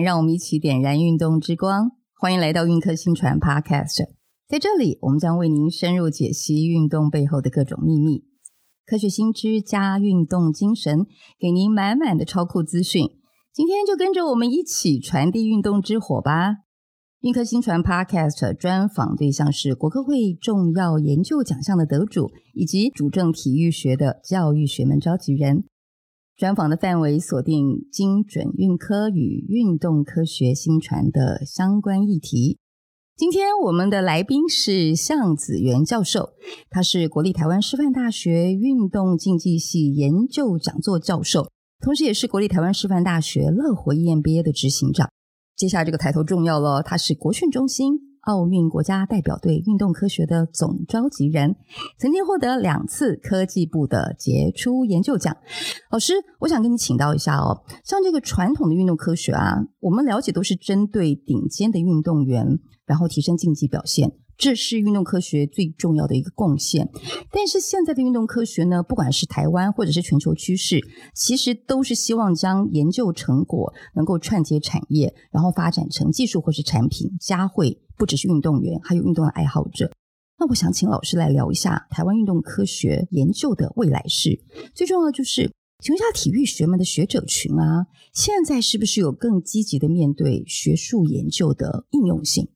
讓我們一起點燃運動之光，歡迎來到運科薪傳 Podcast。在這裡，我們將為您深入解析運動背後的各種祕密，科學新知加運動精神，給您滿滿的超酷資訊。今天就跟着我們一起傳遞運動之火吧！運科薪傳 Podcast 專訪對象是國科會重要研究獎項的得主，以及主政體育學的教育學門召集人。專訪的範圍鎖定精準運科與運動科學新傳的相關議題。今天我們的來賓是相子元教授，他是國立台灣師範大學運動競技系研究講座教授，同時也是國立台灣師範大學樂活 EMBA 的執行長。接下來這個抬頭重要了，他是國訓中心奧運國家代表隊運動科學的總召集人，曾經獲得了兩次科技部的傑出研究獎。老師，我想跟你請教一下哦，像這個傳統的運動科學啊，我們了解都是針對頂尖的運動員，然後提升競技表現，這是運動科學最重要的一個貢獻。但是現在的運動科學呢，不管是台灣或者是全球趨勢，其實都是希望將研究成果能夠串接產業，然後發展成技術或是產品加會，不只是運動員，還有運動的愛好者。那我想請老師來聊一下台灣運動科學研究的未來式。最重要的就是，請問一下體育學門的學者群啊，現在是不是有更積極的面對學術研究的應用性？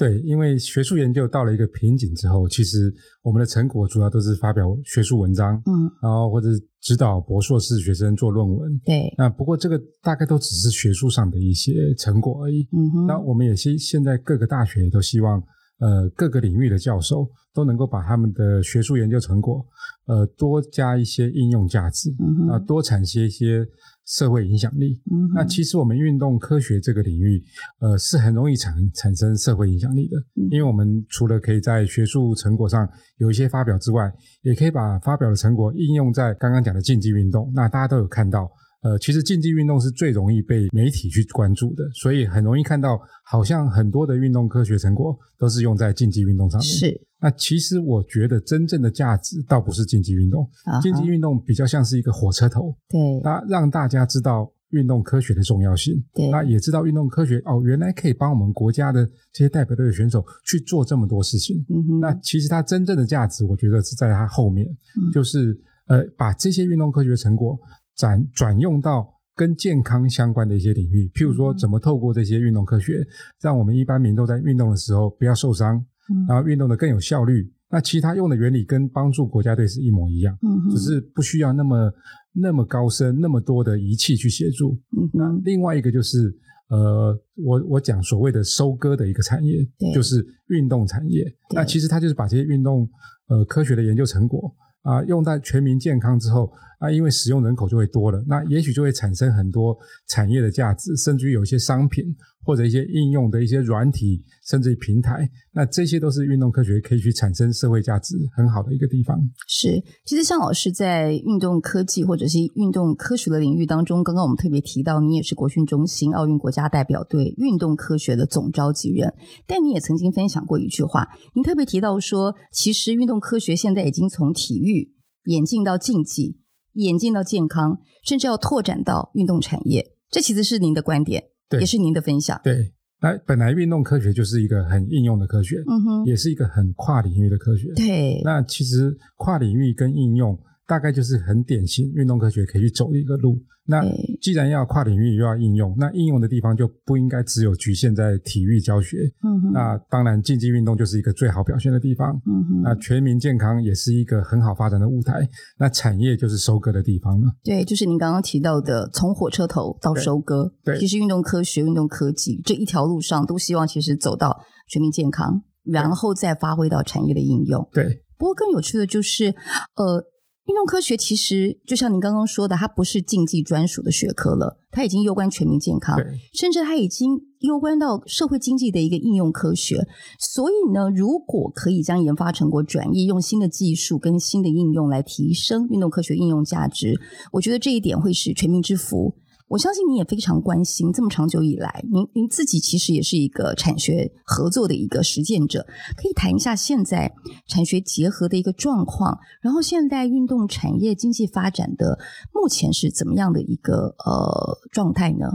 對，因為學術研究到了一個瓶頸之後，其實我們的成果主要都是發表學術文章，嗯，然後或者指導博碩士學生做論文，對。那不過這個大概都只是學術上的一些成果而已。嗯哼。那我們也是現在各個大學都希望，呃，各個領域的教授都能夠把他們的學術研究成果，呃，多加一些應用價值，啊、嗯哼，多產生一些。社會影響力，嗯，那其實我們運動科學這個領域，呃，是很容易產產生社會影響力的，因為我們除了可以在學術成果上有一些發表之外，也可以把發表的成果應用在剛剛講的競技運動，那大家都有看到。呃，其實競技運動是最容易被媒體去關注的，所以很容易看到，好像很多的運動科學成果都是用在競技運動上面。是，那其實我覺得真正的價值倒不是競技運動，啊、哈競技運動比較像是一個火車頭，對，那讓大家知道運動科學的重要性，對，那也知道運動科學哦，原來可以幫我們國家的這些代表隊的選手去做這麼多事情。嗯、哼那其實它真正的價值，我覺得是在它後面，嗯、就是呃，把這些運動科學成果。轉轉用到跟健康相關的一些領域，譬如說，怎麼透過這些運動科學，讓我們一般民眾在運動的時候不要受傷，嗯、然後運動的更有效率。那其實他用的原理跟幫助國家隊是一模一樣，嗯、哼只是不需要那麼那麼高深、那麼多的儀器去協助。嗯、哼那另外一個就是，呃，我我講所謂的收割的一個產業，對就是運動產業。對那其實它就是把這些運動呃科學的研究成果。啊，用在全民健康之後，啊，因為使用人口就會多了，那也許就會產生很多產業的價值，甚至於有一些商品，或者一些應用的一些軟體，甚至於平台，那這些都是運動科學可以去產生社會價值很好的一個地方。是，其實像老師在運動科技或者是運動科學的領域當中，剛剛我們特別提到，您也是國訓中心奧運國家代表隊運動科學的總召集人，但你也曾經分享過一句話，您特別提到說，其實運動科學現在已經從體育演進到競技，演進到健康，甚至要拓展到運動產業，這其實是您的觀點。對，也是您的分享。對，那本來運動科學就是一個很應用的科學，嗯哼，也是一個很跨領域的科學。對，那其實跨領域跟應用。大概就是很典型，運動科學可以去走一個路。那既然要跨領域又要應用，那應用的地方就不應該只有局限在體育教學。嗯哼。那當然，競技運動就是一個最好表現的地方。嗯哼。那全民健康也是一個很好發展的舞台。那產業就是收割的地方了。對，就是您剛剛提到的，從火車頭到收割。對對，其實運動科學、運動科技這一條路上，都希望其實走到全民健康，然後再發揮到產業的應用。對。不過更有趣的就是，呃。運動科學其實就像您剛剛說的，它不是競技專屬的學科了，它已經攸關全民健康，對甚至它已經攸關到社會經濟的一個應用科學。所以呢，如果可以將研發成果轉移，用新的技術跟新的應用來提升運動科學應用價值，我覺得這一點會是全民之福。我相信您也非常關心，這麼長久以來，您您自己其實也是一個產學合作的一個實踐者，可以談一下現在產學結合的一個狀況，然後現代運動產業經濟發展的目前是怎麼樣的一個呃狀態呢？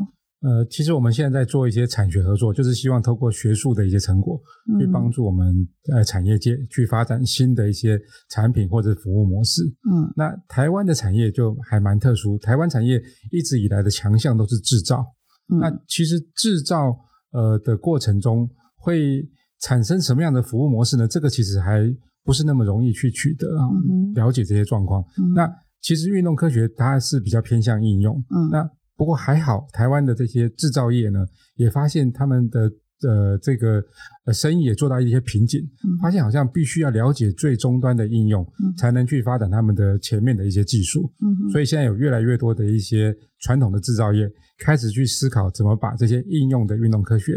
呃，其實我們現在在做一些產學合作，就是希望透過學術的一些成果，嗯、去幫助我們呃產業界去發展新的一些產品或者服務模式。嗯，那台灣的產業就還蠻特殊，台灣產業一直以來的強項都是製造。嗯、那其實製造呃的過程中會產生什麼樣的服務模式呢？這個其實還不是那麼容易去取得啊，嗯、了解這些狀況。嗯、那其實運動科學它是比較偏向應用。嗯、那不過還好，台灣的這些製造業呢，也發現他們的呃這個呃生意也做到一些瓶頸，發現好像必須要了解最終端的應用，嗯、才能去發展他們的前面的一些技術。嗯、哼所以現在有越來越多的一些傳統的製造業開始去思考怎麼把這些應用的運動科學。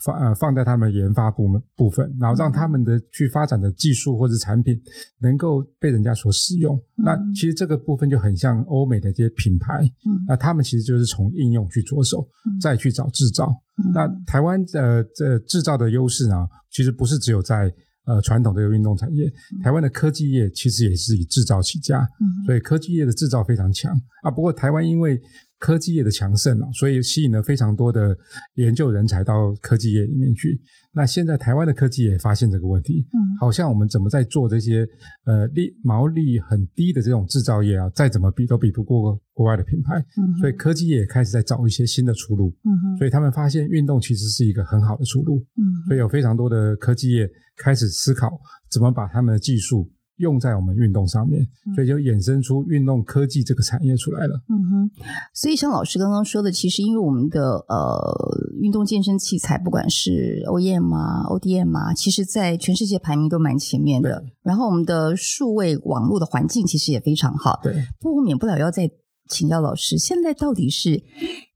放放在他們研發部門部分，然後讓他們的去發展的技術或者產品能夠被人家所使用。嗯、那其實這個部分就很像歐美的這些品牌，嗯、那他們其實就是從應用去着手，嗯、再去找制造。嗯、那台灣的這、呃、制造的優勢呢，其實不是只有在呃傳統的這運動產業，嗯、台灣的科技業其實也是以制造起家，嗯、所以科技業的制造非常強啊。不過台灣因為科技業的強盛啊，所以吸引了非常多的研究人才到科技業裡面去。那現在台灣的科技也發現這個問題，嗯，好像我們怎麼在做這些呃利毛利很低的這種製造業啊，再怎麼比都比不過國外的品牌。嗯、哼所以科技業開始在找一些新的出路，嗯哼，所以他們發現運動其實是一個很好的出路，嗯哼，所以有非常多的科技業開始思考怎麼把他們的技術用在我們運動上面，所以就衍生出運動科技這個產業出來了。嗯哼，所以像老師剛剛說的，其實因為我們的呃運動健身器材，不管是 OEM 啊、ODM 啊，其實在全世界排名都蠻前面的。對。然後我們的數位網絡的環境其實也非常好。對，不過免不了要再請教老師，現在到底是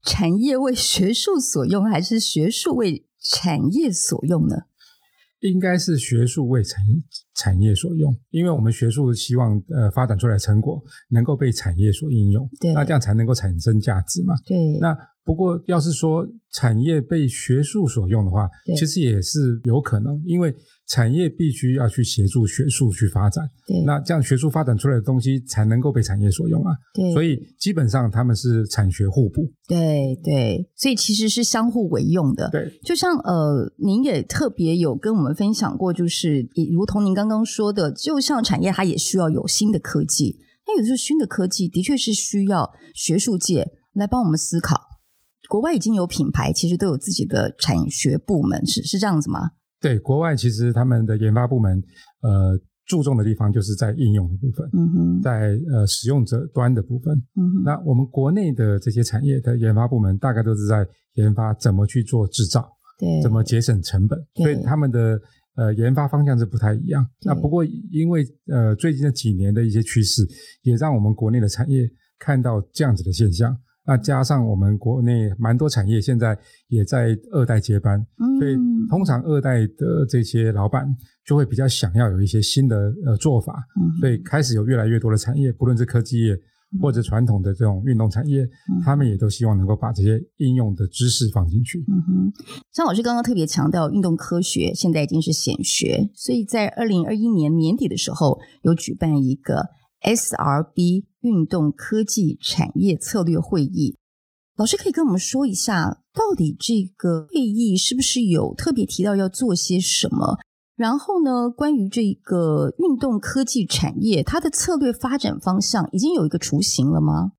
產業為學術所用，還是學術為產業所用呢？應該是學術為產業。產業所用，因為我們學術希望呃發展出來的成果能夠被產業所應用，對，那這樣才能夠產生價值嘛。對，那不過要是說產業被學術所用的話，對其實也是有可能，因為產業必須要去協助學術去發展，對，那這樣學術發展出來的東西才能夠被產業所用啊。對，所以基本上他們是產學互補，對對，所以其實是相互為用的。對，就像呃，您也特別有跟我們分享過，就是如同您剛。剛剛說的，就像產業，它也需要有新的科技。那有的時候，新的科技的確是需要學術界來幫我們思考。國外已經有品牌，其實都有自己的產學部門，是是這樣子嗎？對，國外其實他們的研发部門，呃，注重的地方就是在應用的部分，嗯哼在呃使用者端的部分。嗯哼那我們國內的這些產業的研发部門，大概都是在研发怎麼去做制造，對，怎麼節省成本，對所以他們的。呃，研發方向是不太一樣。那不過，因為呃最近的幾年的一些趨勢，也讓我們國內的產業看到這樣子的現象。那加上我們國內蠻多產業現在也在二代接班，嗯、所以通常二代的這些老板就會比較想要有一些新的呃做法，嗯、所以開始有越來越多的產業，不論是科技業，或者傳統的這種運動產業，他們也都希望能夠把這些應用的知識放進去。嗯哼，像老師剛剛特別強調，運動科學現在已經是顯學，所以在二零二一年年底的時候，有舉辦一個 SRB 運動科技產業策略會議。老師可以跟我們說一下，到底這個會議是不是有特別提到要做些什麼？然後呢，關於這個運動科技產業，它的策略發展方向已經有一個雛形了嗎？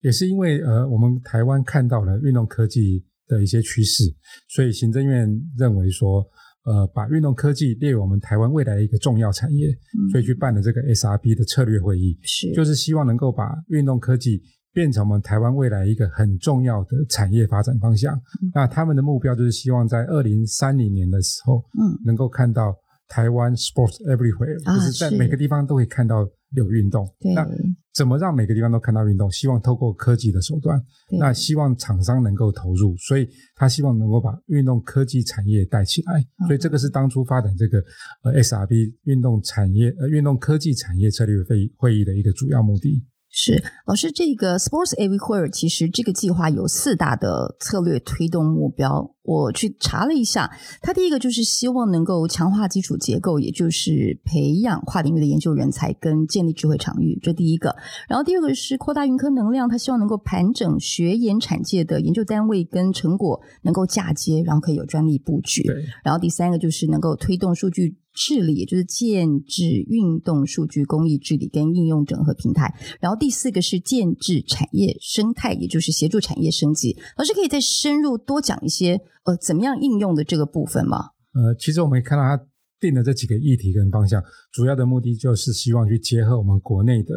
也是因為呃，我們台灣看到了運動科技的一些趨勢，所以行政院認為說，呃，把運動科技列為我們台灣未來一個重要產業，嗯、所以去辦了這個 SRB 的策略會議，是就是希望能夠把運動科技變成我們台灣未來一個很重要的產業發展方向。嗯、那他們的目標就是希望在二零三零年的時候，嗯，能夠看到台灣 Sports Everywhere，就、啊、是在每個地方都可以看到有運動。是那怎麼讓每個地方都看到運動？對希望透過科技的手段。對那希望廠商能夠投入，所以他希望能夠把運動科技產業帶起來。嗯、所以這個是當初發展這個 S R B 運動產業呃運動科技產業策略會會議的一個主要目的。是，老師，這個 Sports AI Hub 其實這個計劃有四大的策略推動目標。我去查了一下，它，第一個就是希望能夠強化基礎結構，也就是培養跨領域的研究人才跟建立智慧場域，這第一個。然後第二個是擴大運科能量，它希望能夠盤整學研產界的研究單位跟成果能夠嫁接，然後可以有專利布局。對然後第三個就是能夠推動數據治理，也就是建制、運動數據公益治理跟應用整合平台，然後第四個是建制、產業生態，也就是協助產業升級。老師可以再深入多講一些呃，怎麼樣應用的這個部分嗎？呃，其實我們也看到他定的這幾個議題跟方向，主要的目的就是希望去結合我們國內的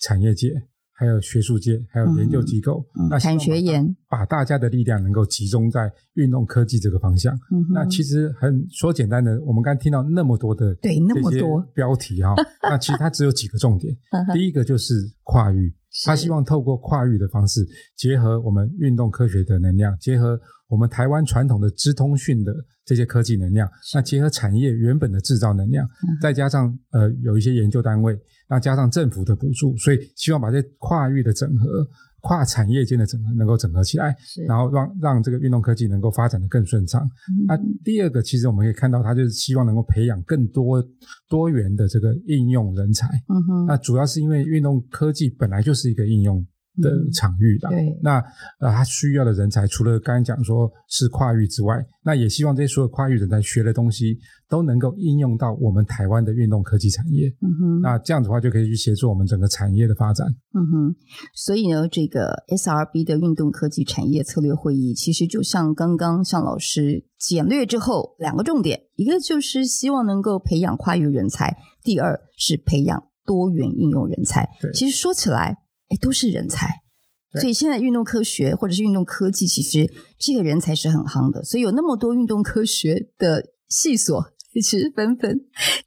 產業界。還有學術界，還有研究機構，嗯嗯、那產學研把大家的力量能夠集中在運動科技這個方向。嗯、哼那其實很說簡單的，我們剛才聽到那麼多的這些、哦、對那麼多標題哈， 那其實它只有幾個重點。呵呵第一個就是跨域，是它希望透過跨域的方式，結合我們運動科學的能量，結合我們台灣傳統的資通訊的這些科技能量，是那結合產業原本的製造能量，嗯、再加上呃有一些研究單位。那加上政府的補助，所以希望把這些跨域的整合，跨產業間的整合能夠整合起來，是然後讓讓這個運動科技能夠發展得更順暢。嗯、那第二個，其實我們可以看到，它就是希望能夠培養更多多元的這個應用人才。嗯、哼那主要是因為運動科技本來就是一個應用。的場域的，對。那呃，他需要的人才，除了剛才講說是跨域之外，那也希望這些所有跨域人才學的東西都能夠應用到我們台灣的運動科技產業。嗯哼，那這樣子的話就可以去協助我們整個產業的發展。嗯哼，所以呢，這個 SRB 的運動科技產業策略會議，其實就像剛剛相老師簡略之後，兩個重點，一個就是希望能夠培養跨域人才，第二是培養多元應用人才。對其實說起來。哎，都是人才，所以現在運動科學或者是運動科技，其實這個人才是很夯的。所以有那麼多運動科學的系所，其實紛紛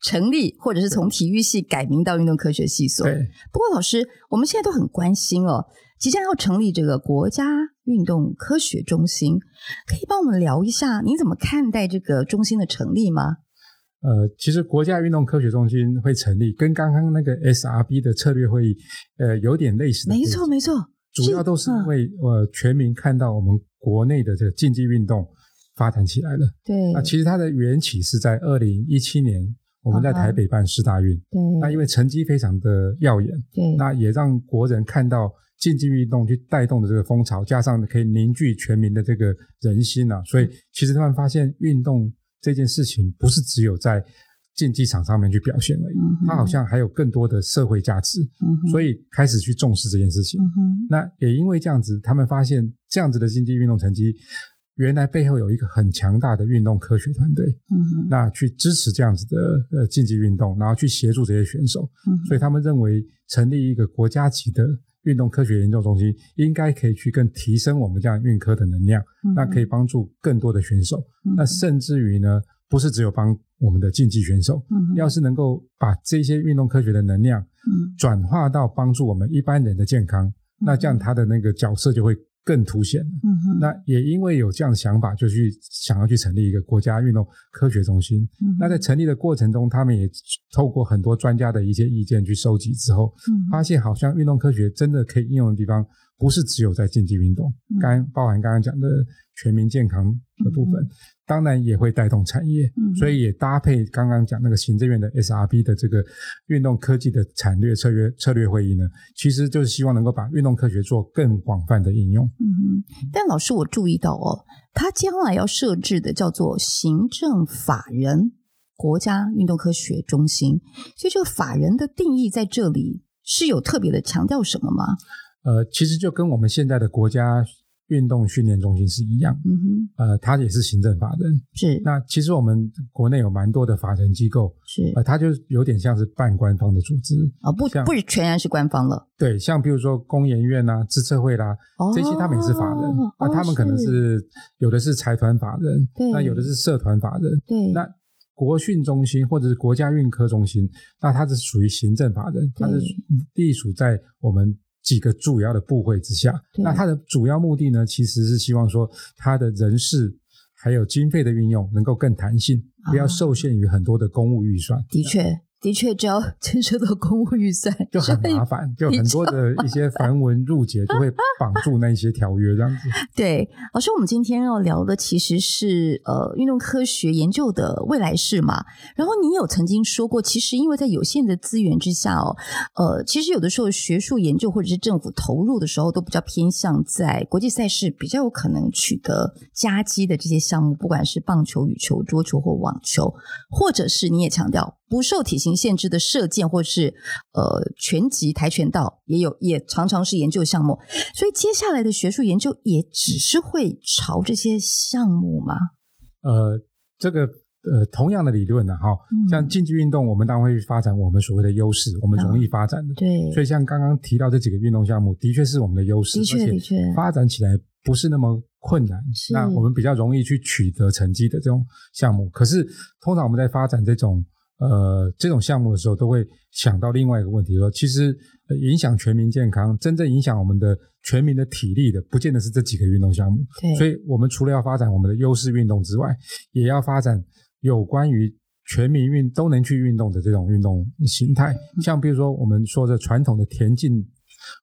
成立，或者是從體育系改名到運動科學系所。對不過老師，我們現在都很關心哦，即將要成立這個國家運動科學中心，可以幫我們聊一下，您怎麼看待這個中心的成立嗎？呃，其實國家運動科學中心會成立，跟剛剛那個 S R B 的策略會議，呃，有點類似的。沒錯，沒錯，主要都是為是、嗯、呃，全民看到我們國內的這個競技運動發展起來了。對。那、啊、其實它的緣起是在二零一七年，我們在台北辦世大運。Okay、對。那因為成績非常的耀眼。對。那也讓國人看到競技運動去帶動的這個風潮，加上可以凝聚全民的這個人心啊，所以其實他們發現運動。這件事情不是只有在競技場上面去表現而已，它、嗯、哼好像還有更多的社會價值，嗯、哼所以開始去重視這件事情。嗯、哼那也因為這樣子，他們發現這樣子的競技運動成績，原來背後有一個很強大的運動科學團隊，嗯、哼那去支持這樣子的呃競技運動，然後去協助這些選手，嗯、哼所以他們認為成立一個國家級的。運動科學研究中心應該可以去更提升我們這樣運科的能量，嗯、哼那可以幫助更多的選手。嗯、哼那甚至於呢，不是只有幫我們的競技選手，嗯、哼要是能夠把這些運動科學的能量轉化到幫助我們一般人的健康，嗯、哼那這樣他的那個角色就會。更凸顯、嗯哼。那也因為有這樣的想法，就去想要去成立一個國家運動科學中心。嗯哼。那在成立的過程中，他們也透過很多專家的一些意見去收集之後，發現好像運動科學真的可以應用的地方，不是只有在競技運動，包含剛剛講的全民健康的部分，嗯、哼當然也會帶動產業，嗯、哼所以也搭配剛剛講那個行政院的 SRP 的這個運動科技的產業策略策略會議呢，其實就是希望能夠把運動科學做更廣泛的應用。嗯、但老師，我注意到哦，他將來要設置的叫做行政法人國家運動科學中心，所以這個法人的定義在這裡是有特別的強調什麼嗎？呃，其實就跟我們現在的國家運動訓練中心是一樣，嗯哼，呃，它也是行政法人，是。那其實我們國內有蠻多的法人機構，是。呃，它就有點像是半官方的組織啊，不，不是全然是官方了。對，像比如說工研院吶、資策會啦，這些他們也是法人，啊，他們可能是有的是財團法人，對，那有的是社團法人，對。那國訓中心或者是國家運科中心，那它是屬於行政法人，它是隸屬在我們。幾個主要的部會之下，啊、那它的主要目的呢？其實是希望說，它的人事還有經費的運用能夠更彈性，啊、不要受限於很多的公務預算。的確。的確，只要牽涉到公務預算，就很麻煩， 你就很多的一些繁文縟節就會綁住那些條約這樣子。 對，老師，我們今天要聊的其實是呃運動科學研究的未來式嘛。然後你有曾經說過，其實因為在有限的資源之下哦，呃，其實有的時候學術研究或者是政府投入的時候，都比較偏向在國際賽事比較有可能取得佳績的這些項目，不管是棒球、羽球、桌球或網球，或者是你也強調不受體型。限制的射箭或是呃拳擊、跆拳道也有，也常常是研究項目。所以接下來的學術研究也只是會朝這些項目嗎？呃，這個呃同樣的理論呢、啊、哈、哦，像競技運動，我們當然會發展我們所謂的優勢，嗯、我們容易發展的。對。所以像剛剛提到這幾個運動項目，的確是我們的優勢，的確，而且發展起來不是那麼困難。是，那我們比較容易去取得成績的這種項目，可是通常我們在發展這種。呃，這種項目的時候，都會想到另外一個問題：說其實影響全民健康，真正影響我們的全民的體力的，不見得是這幾個運動項目。對所以我們除了要發展我們的優勢運動之外，也要發展有關於全民運都能去運動的這種運動形態。嗯、像比如說，我們說的傳統的田徑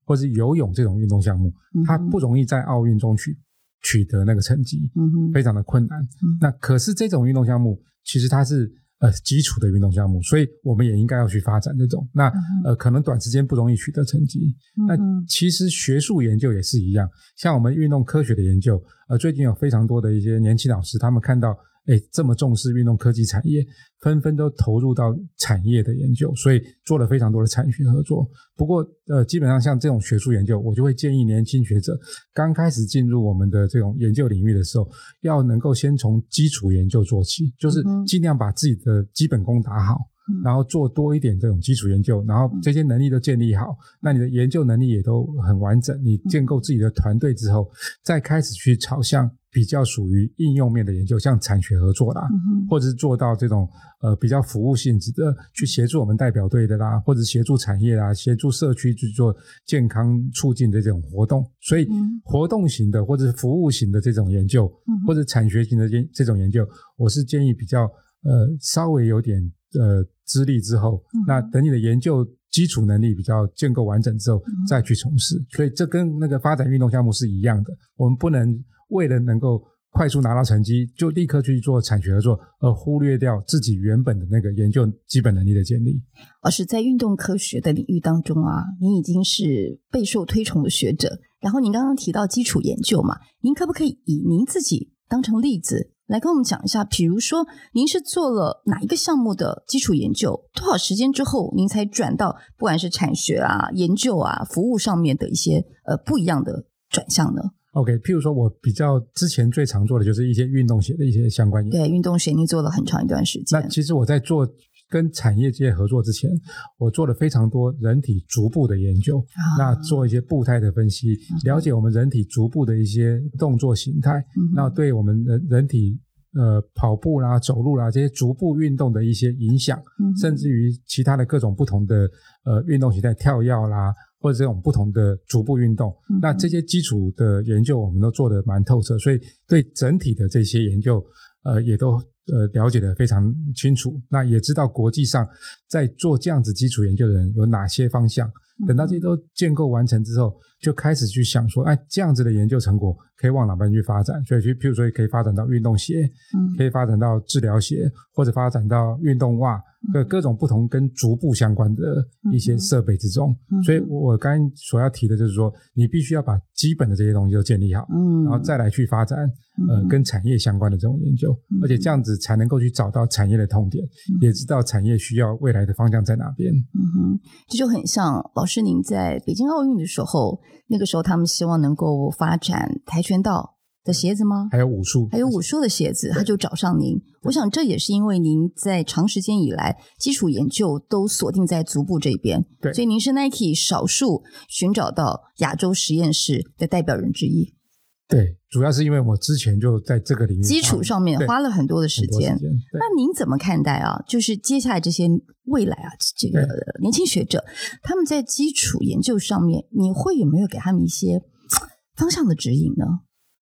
或是游泳這種運動項目，它不容易在奧運中取取得那個成績，嗯、哼非常的困難。嗯、那可是這種運動項目，其實它是。呃，基礎的運動項目，所以我們也應該要去發展這種。那呃，可能短時間不容易取得成績。那其實學術研究也是一樣，像我們運動科學的研究，呃，最近有非常多的一些年輕老師，他們看到。誒，這麼重視，運動科技產業，紛紛都投入到產業的研究，所以做了非常多的產學合作。不過，呃，基本上像這種學術研究，我就會建議年輕學者剛開始進入我們的這種研究領域的時候，要能夠先從基礎研究做起，就是儘量把自己的基本功打好。然後做多一點這種基礎研究，然後這些能力都建立好，那你的研究能力也都很完整。你建構自己的團隊之後，再開始去朝向比較屬於應用面的研究，像產學合作啦，嗯、哼或者是做到這種呃比較服務性質的，去協助我們代表隊的啦，或者協助產業啊，協助社區去做健康促進的這種活動。所以活動型的或者是服務型的這種研究，或者產學型的這這種研究，嗯、哼我是建議比較呃稍微有點呃。資歷之後，那等你的研究基礎能力比較建構完整之後，再去從事。所以這跟那個發展運動項目是一樣的。我們不能為了能夠快速拿到成績，就立刻去做產學合作，而忽略掉自己原本的那個研究基本能力的建立。而是在運動科學的領域當中啊，您已經是備受推崇的學者。然後您剛剛提到基礎研究嘛，您可不可以以您自己當成例子？來跟我們講一下，比如說您是做了哪一個項目的基礎研究，多少時間之後您才轉到不管是產學啊、研究啊、服務上面的一些呃不一樣的轉向呢？OK，譬如說我比較之前最常做的就是一些運動鞋的一些相關研究。對，運動鞋，您做了很長一段時間。那其實我在做。跟產業界合作之前，我做了非常多人體足部的研究，啊、那做一些步態的分析，了解我們人體足部的一些動作形態，嗯、哼那對我們人人體呃跑步啦、走路啦這些足部運動的一些影響，嗯、哼甚至於其他的各種不同的呃運動形態，跳躍啦或者這種不同的足部運動，嗯、哼那這些基礎的研究我們都做得蠻透徹，所以對整體的這些研究呃也都。呃，了解的非常清楚，那也知道國際上在做這樣子基礎研究的人有哪些方向，等到這些都建構完成之後。就開始去想說，哎、啊，這樣子的研究成果可以往哪邊去發展？所以，去譬如說，可以發展到運動鞋，嗯、哼可以發展到治療鞋，或者發展到運動襪，各、嗯、哼各種不同跟足部相關的一些設備之中。嗯、哼所以我剛才所要提的就是說，你必須要把基本的這些東西都建立好，嗯、哼然後再來去發展，呃，跟產業相關的這種研究，嗯、哼而且這樣子才能夠去找到產業的痛點，嗯、哼也知道產業需要未來的方向在哪邊。嗯哼，這就很像老師您在北京奧運的時候。那個時候，他們希望能夠發展跆拳道的鞋子嗎？還有武術，還有武術的鞋子，他就找上您。對，我想這也是因為您在長時間以來基礎研究都鎖定在足部這邊，對，所以您是 Nike 少數尋找到亞洲實驗室的代表人之一。對，主要是因為我之前就在這個領域基礎上面花了很多的時間。時間，那您怎麼看待啊？就是接下來這些未來啊，這個年輕學者對他們在基礎研究上面，對你會有沒有給他們一些方向的指引呢？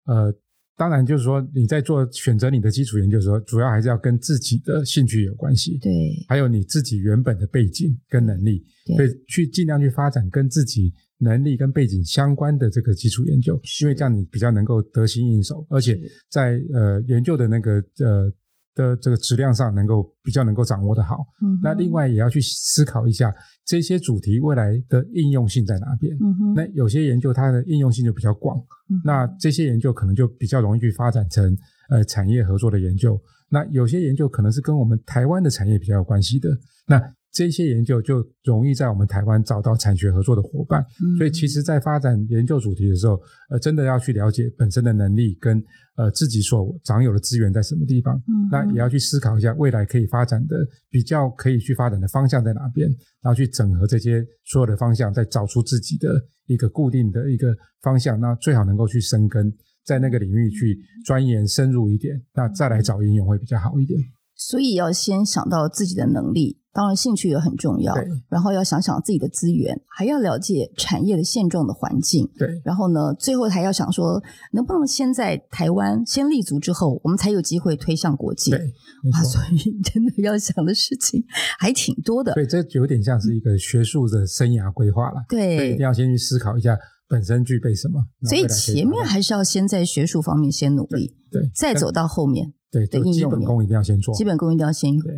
呃，當然就是說你在做選擇你的基礎研究的時候，主要還是要跟自己的興趣有關係。對，還有你自己原本的背景跟能力，對，去儘量去發展跟自己。能力跟背景相關的這個基礎研究，因為這樣你比較能夠得心應手，而且在呃研究的那個呃的這個質量上，能夠比較能夠掌握得好。嗯、哼那另外也要去思考一下這些主題未來的應用性在哪邊。嗯、哼那有些研究它的應用性就比較廣，嗯、哼那這些研究可能就比較容易去發展成呃產業合作的研究。那有些研究可能是跟我們台灣的產業比較有關係的。那這些研究就容易在我們台灣找到產學合作的夥伴，所以其實，在發展研究主題的時候，呃，真的要去了解本身的能力跟呃自己所掌有的資源在什麼地方，那也要去思考一下未來可以發展的比較可以去發展的方向在哪邊，然後去整合這些所有的方向，再找出自己的一個固定的一個方向，那最好能夠去生根在那個領域去鑽研深入一點，那再來找應用會比較好一點。所以要先想到自己的能力。當然，興趣也很重要。對，然後要想想自己的資源，還要了解產業的現狀的環境。對，然後呢，最後還要想說，能不能先在台灣先立足，之後我們才有機會推向國際。對，哇，所以真的要想的事情還挺多的。對，這有點像是一個學術的生涯規劃了。嗯、對，對，一定要先去思考一下本身具備什麼。所以前面還是要先在學術方面先努力。對，對，再走到後面。嗯對，對，基本功一定要先做，基本功一定要先用。對，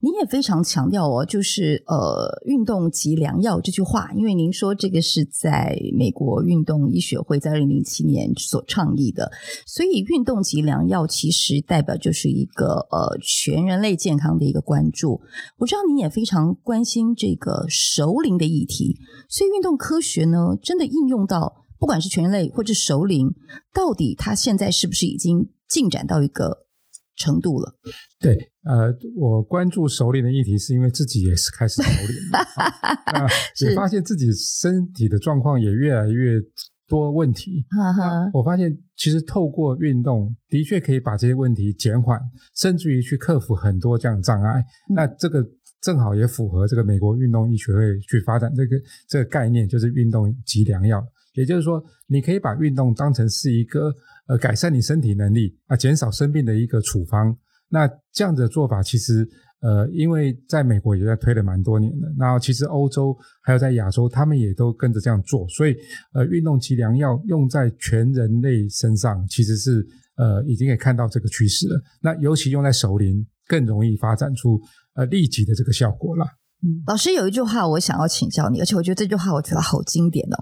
您也非常強調哦，就是呃，「運動即良藥」這句話，因為您說這個是在美國運動醫學會在二零零七年所倡議的，所以「運動即良藥」其實代表就是一個呃全人類健康的一個關注。我知道您也非常關心這個熟齡的議題，所以運動科學呢，真的應用到不管是全人類或者熟齡，到底它現在是不是已經進展到一個？程度了，對，對，呃，我關注熟齡的議題，是因為自己也是開始熟齡， 啊、那也發現自己身體的狀況也越來越多問題。 那我發現，其實透過運動，的確可以把這些問題減緩，甚至於去克服很多這樣的障礙。嗯、那這個正好也符合這個美國運動醫學會去發展這、那個這個概念，就是運動即良藥。也就是說，你可以把運動當成是一個呃改善你身體能力啊、呃、減少生病的一個處方。那這樣的做法其實呃，因為在美國也在推了蠻多年的，然後其實歐洲還有在亞洲，他們也都跟着這樣做。所以呃，運動即良藥用在全人類身上，其實是呃已經可以看到這個趨勢了。那尤其用在熟齡，更容易發展出呃立即的這個效果了。嗯、老師有一句話我想要請教你，而且我覺得這句話我覺得好經典哦。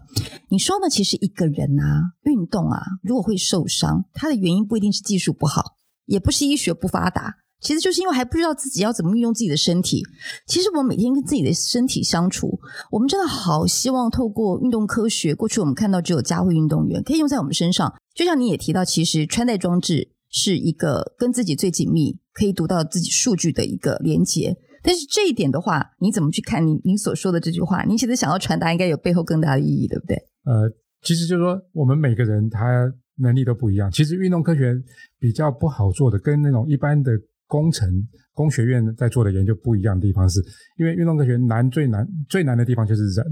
你說呢，其實一個人啊，運動啊，如果會受傷，它的原因不一定是技術不好，也不是醫學不發達，其實就是因為還不知道自己要怎麼運用自己的身體。其實我們每天跟自己的身體相處，我們真的好希望透過運動科學。過去我們看到只有加惠運動員可以用在我們身上，就像你也提到，其實穿戴裝置是一個跟自己最緊密、可以讀到自己數據的一個連接。但是這一點的話，你怎麼去看你你所說的這句話？你其實想要傳達應該有背後更大的意義，對不對？呃，其實就是說我們每個人他能力都不一樣。其實運動科學比較不好做的，跟那種一般的工程工學院在做的研究不一樣的地方是，是因為運動科學難最難最難的地方就是人，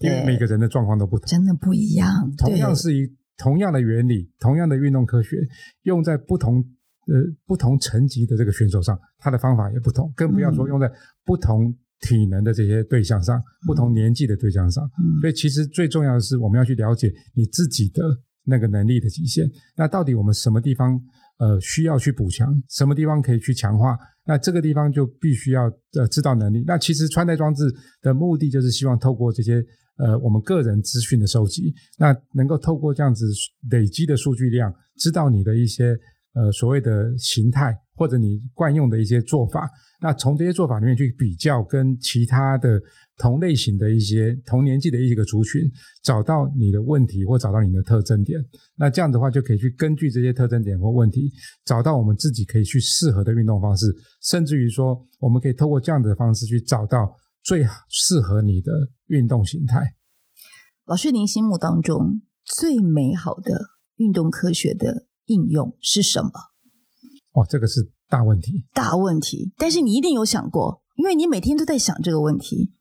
對因為每個人的狀況都不同，真的不一樣。同樣是以同樣的原理，同樣的運動科學，用在不同。呃，不同層級的這個選手上，他的方法也不同，更不要說用在不同體能的這些對象上，嗯、不同年紀的對象上。嗯、所以，其實最重要的是，我們要去了解你自己的那個能力的極限。那到底我們什麼地方呃需要去補強，什麼地方可以去強化？那這個地方就必須要呃知道能力。那其實穿戴裝置的目的就是希望透過這些呃我們個人資訊的收集，那能夠透過這樣子累積的數據量，知道你的一些。呃，所謂的形態或者你慣用的一些做法，那從這些做法裡面去比較，跟其他的同類型的一些同年紀的一些個族群，找到你的問題或找到你的特徵點。那這樣的話，就可以去根據這些特徵點或問題，找到我們自己可以去適合的運動方式，甚至於說，我們可以透過這樣的方式去找到最適合你的運動形態。老師，您心目當中最美好的運動科學的。應用是什麼？哦，這個是大問題。大問題，但是你一定有想過，因為你每天都在想這個問題，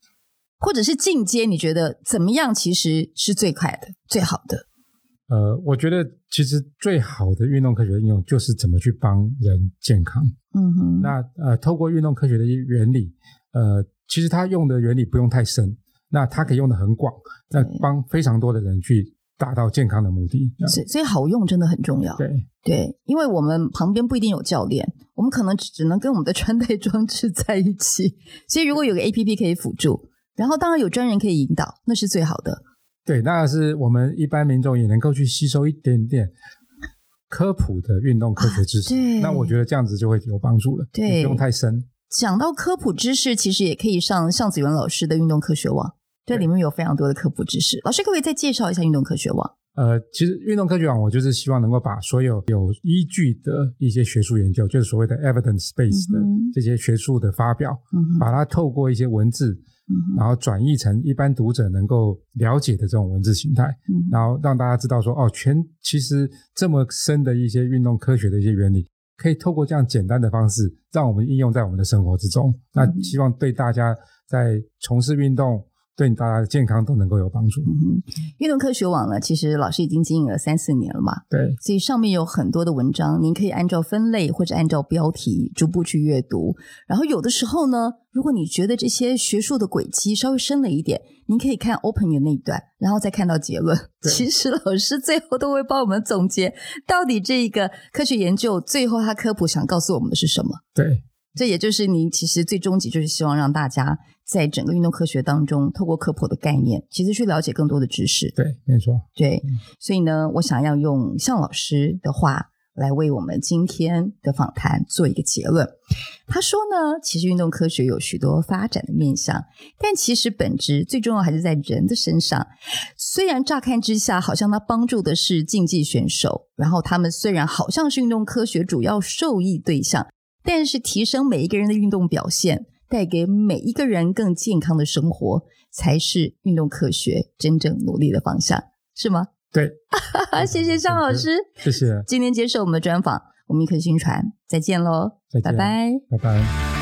或者是進階，你覺得怎麼樣？其實是最快的、最好的。呃，我覺得其實最好的運動科學應用就是怎麼去幫人健康。嗯哼。那呃，透過運動科學的原理，呃，其實它用的原理不用太深，那它可以用得很廣，那幫非常多的人去。達到健康的目的，所以所以好用真的很重要。對對，因為我們旁邊不一定有教練，我們可能只能跟我們的穿戴裝置在一起，所以如果有個 APP 可以輔助，然後當然有專人可以引導，那是最好的。對，那是我們一般民眾也能夠去吸收一點點科普的運動科學知識。啊，那我覺得這樣子就會有幫助了，對，不用太深。講到科普知識，其實也可以上相子元老師的運動科學網。對，對，裡面有非常多的科普知識。老師可不可以再介紹一下運動科學網？呃，其實運動科學網，我就是希望能夠把所有有依據的一些學術研究，就是所謂的 evidence based 的這些學術的發表，嗯、哼把它透過一些文字，嗯、哼然後轉譯成一般讀者能夠了解的這種文字形態，嗯、哼然後讓大家知道說，哦，全其實這麼深的一些運動科學的一些原理，可以透過這樣簡單的方式，讓我們應用在我們的生活之中。嗯、哼那希望對大家在從事運動。對，你大家的健康都能夠有幫助。嗯。運動科學網呢，其實老師已經經營了三四年了嘛。對，所以上面有很多的文章，您可以按照分類或者按照標題逐步去閱讀。然後有的時候呢，如果你覺得這些學術的軌跡稍微深了一點，您可以看 open 的那一段，然後再看到結論。對，其實老師最後都會幫我們總結，到底這個科學研究最後他科普想告訴我們的是什麼？對。這也就是你其實最終極，就是希望讓大家在整個運動科學當中，透過科普的概念，其實去了解更多的知識。對，沒錯。對，嗯、所以呢，我想要用相老師的話來為我們今天的訪談做一個結論。他說呢，其實運動科學有許多發展的面向，但其實本質最重要還是在人的身上。雖然乍看之下好像他幫助的是競技選手，然後他們雖然好像是運動科學主要受益對象。但是提升每一個人的運動表現，帶給每一個人更健康的生活，才是運動科學真正努力的方向，是嗎？對， 謝謝相老師，謝謝，今天接受我們的專訪，我們運科薪傳，再見嘍，再見 bye bye 拜拜，拜拜。